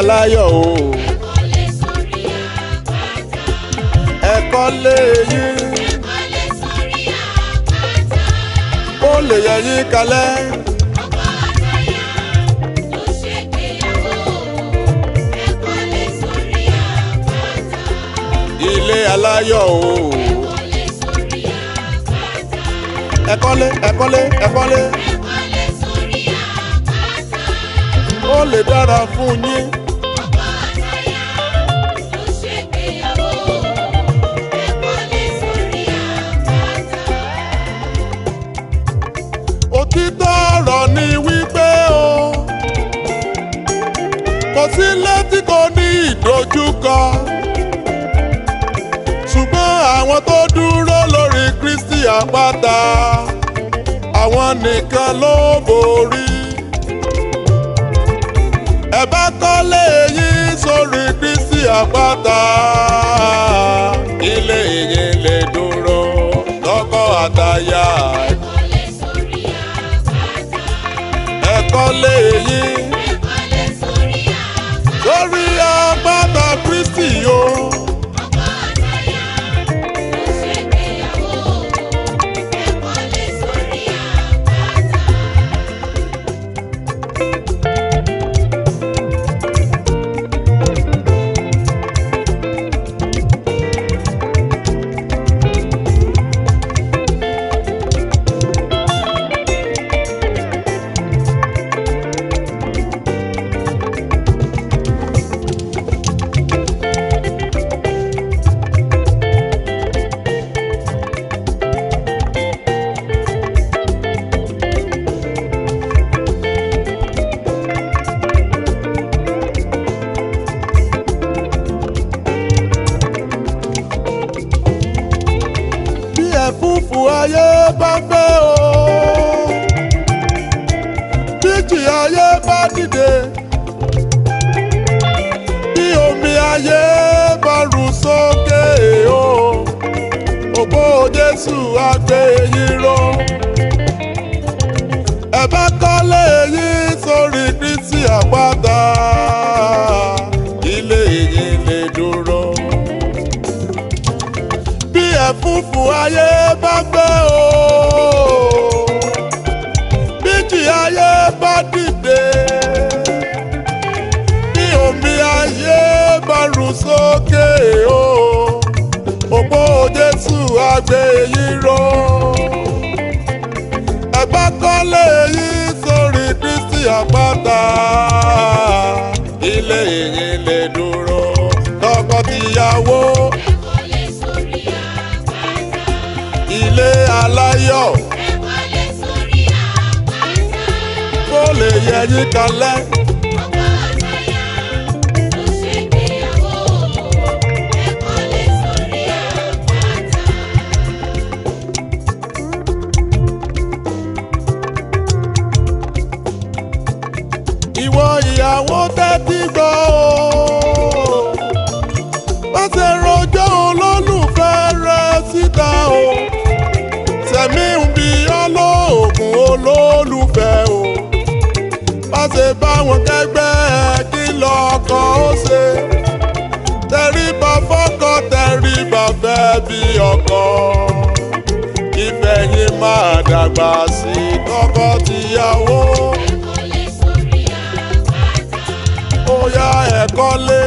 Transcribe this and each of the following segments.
aláyọ̀ o. ẹ̀kọ́ lé yín. ó lè yẹ yín kalẹ̀. ilé aláyọ̀ o. ẹ̀kọ́lé ẹ̀kọ́lé ẹ̀kọ́lé. ó lè dára fún yín. òtítọ́ ọ̀rọ̀ ni wípé o kò sí létí kò ní ìdojúkọ ṣùgbọ́n àwọn tó dúró lórí Kristi àpáta àwọn nìkan ló bò. bá gbé o bíjì ayé bá dìde bí omi ayé bá rú sókè o ògbó Jésù àgbẹ̀yìn. fúfú ayé bá gbé o bíjì ayé bá dìde bí omi ayé bá rú sókè o òpó Jésù àgbè yìí rọ. àyíkalẹ̀. ìwọ ìyàwó tẹ́tí gbọ́ o. ṣe bá wọn kẹ́gbẹ́ kí lọ́kọ ó ṣe tẹríba fọ́kọ tẹríba fẹ́ bí ọkọ ìfẹ̀yìn máa dàgbà sí tọkọ tìyàwó. ó yá ẹ̀kọ́lé.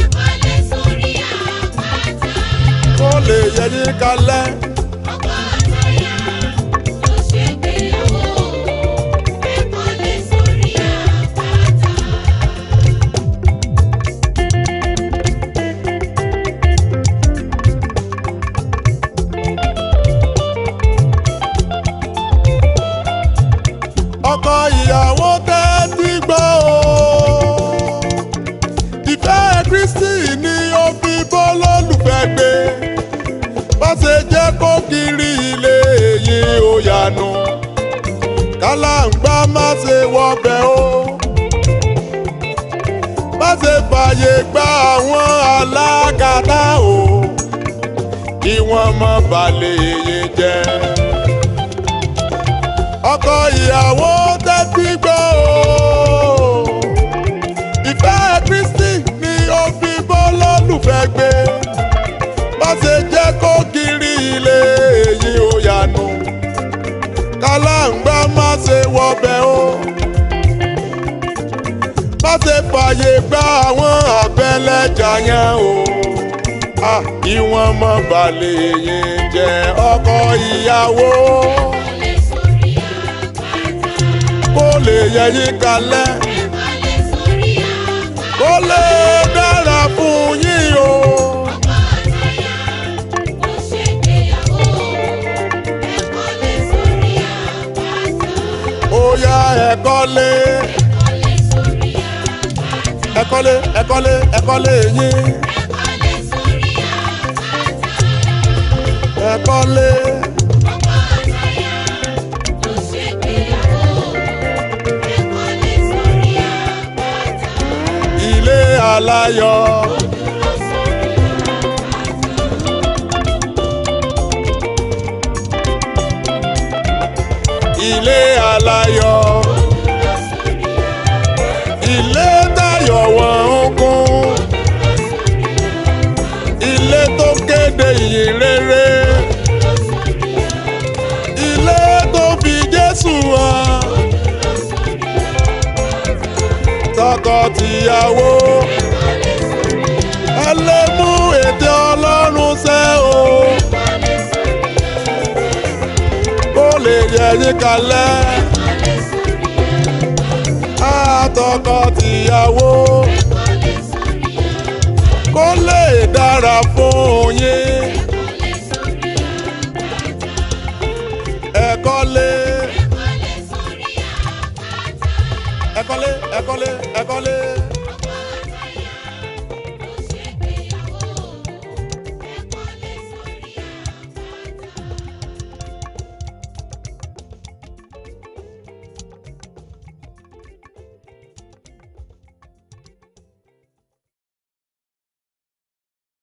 ẹ̀kọ́lé sórí àpáta. kó lè yẹ ní kalẹ́. ògiri ilé yìí ó yanu kálàǹgbá má ṣe wọbẹ̀ o má ṣe fàyè gba àwọn alágàtà o kí wọ́n má balẹ̀ èyí jẹ́ ọkọ ìyàwó tẹ́tí gbọ́ o ìfẹ́ Kristi ni ó fi bọ́ lọ́lùfẹ́ gbé má ṣe jẹ́ kó kí kílé èyí ó yanu kálángbá má ṣe wọbẹ̀ o má ṣe fàyè gba àwọn abẹ́lẹ́jà yẹn o ìwọ̀n mọ̀ balẹ̀ yẹn jẹ́ ọkọ ìyàwó kó lè yẹ yí kalẹ̀. yá ẹ̀kọ́lé. ẹ̀kọ́lé ẹ̀kọ́lé ẹ̀kọ́lé yín. ẹ̀kọ́lé. ilé aláyọ̀. tọkọ-tìyàwó ẹ lè mú ètè ọlọ́run ṣẹ o ó lè yẹ yín kalẹ̀ àtọkọ-tìyàwó. ẹ̀kọ́lé ẹ̀kọ́lé.